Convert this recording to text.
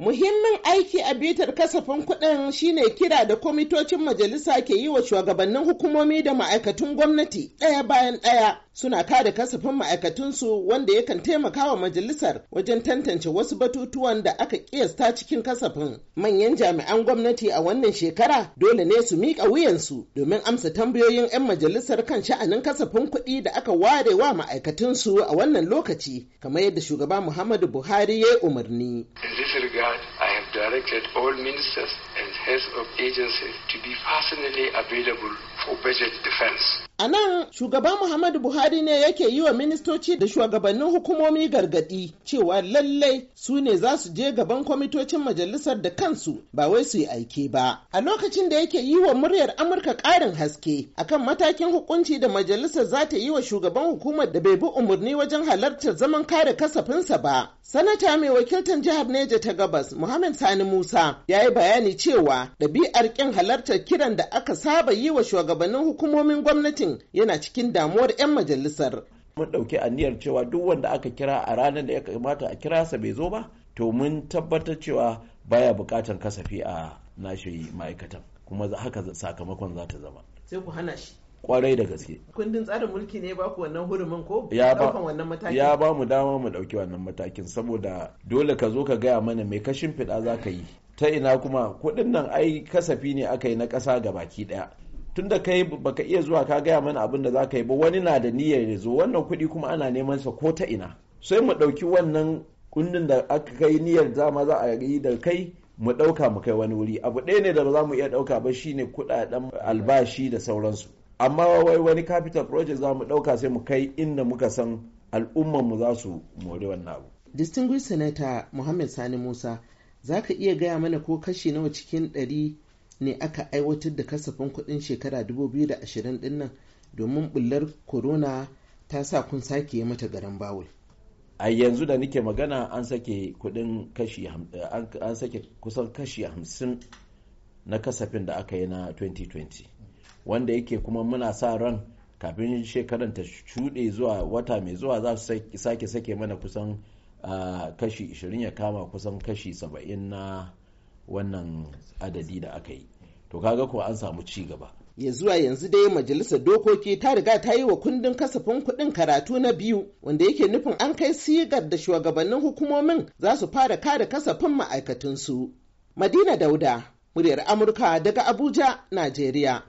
Muhimmin aiki a bitar kasafin kuɗin shine kira da kwamitocin majalisa ke yi wa shugabannin hukumomi da ma'aikatun gwamnati ɗaya bayan ɗaya suna kada kasafin ma'aikatunsu wanda yakan taimaka wa majalisar wajen tantance wasu batutuwan da aka kiyasta cikin kasafin. Manyan jami'an gwamnati a wannan shekara dole ne su miƙa wuyansu domin amsa tambayoyin 'yan majalisar kan sha'anin kasafin kuɗi da aka ware wa ma'aikatunsu a wannan lokaci kamar yadda shugaba Muhammadu Buhari ya yi umarni. directed all ministers and heads of agencies to be personally available for budget defense. A nan shugaban Muhammadu Buhari ne yake yi wa ministoci da shugabannin hukumomi gargadi cewa lallai su ne za su je gaban kwamitocin majalisar da kansu ba wai su yi aiki ba. A lokacin da yake yi wa muryar Amurka ƙarin haske akan matakin hukunci da majalisar za ta yi wa shugaban hukumar da bai bi umarni wajen halartar zaman kare kasafinsa ba. Sanata mai wakiltar jihar Neja ta gabas Muhammad Sani Musa ya yi bayani cewa ɗabi'ar ƙin halartar kiran da aka saba yi wa shugabannin hukumomin gwamnatin lokacin yana cikin damuwar 'yan majalisar. Mun ɗauki aniyar cewa duk wanda aka kira a ranar da ya kamata a kira sa bai zo ba, to mun tabbatar cewa baya buƙatar kasafi a nashi ma'aikatan. Kuma haka sakamakon za ta zama. Sai ku hana shi. kwarai da gaske. Kundin tsarin mulki ne ba ku wannan hurumin ko? Ya ba wannan matakin. Ya ba mu dama mu ɗauki wannan matakin saboda dole ka zo ka gaya mana mai kashin fiɗa za ka yi. Ta ina kuma kuɗin nan ai kasafi ne aka yi na ƙasa ga baki ɗaya. tun da kai baka iya zuwa ka gaya mana abin da za yi ba wani na da niyyar ya zo wannan kuɗi kuma ana neman sa ko ta ina sai mu ɗauki wannan kundin da aka kai niyyar zama za a yi da kai mu ɗauka mu kai wani wuri abu ɗaya ne da ba za mu iya ɗauka ba shine kuɗaɗen albashi da sauransu amma wai wani capital project za mu ɗauka sai mu kai inda muka san al'ummar mu za su more wannan abu distinguished senator muhammad sani musa za ka iya gaya mana ko kashi nawa cikin ɗari ne aka aiwatar da kasafin kudin shekara 2020 dinnan domin bullar corona ta sa kun sake mata garan bawul. a yanzu da nike magana an sake kudin kashi an sake kusan kashi 50 na kasafin da aka yi na 2020 wanda yake kuma muna sa ran kafin shekaran ta shuɗe zuwa wata mai zuwa za su sake sake mana kusan ah, kashi 20 ya kama kusan kashi 70 na wannan adadi da aka yi to kaga kuwa an samu ci gaba ya zuwa yanzu dai majalisar dokoki ta riga ta yi wa kundin kasafin kuɗin karatu na biyu wanda yake nufin an kai sigar da shugabannin hukumomin za su fara kare kasafin ma'aikatunsu madina dauda muryar amurka daga abuja najeriya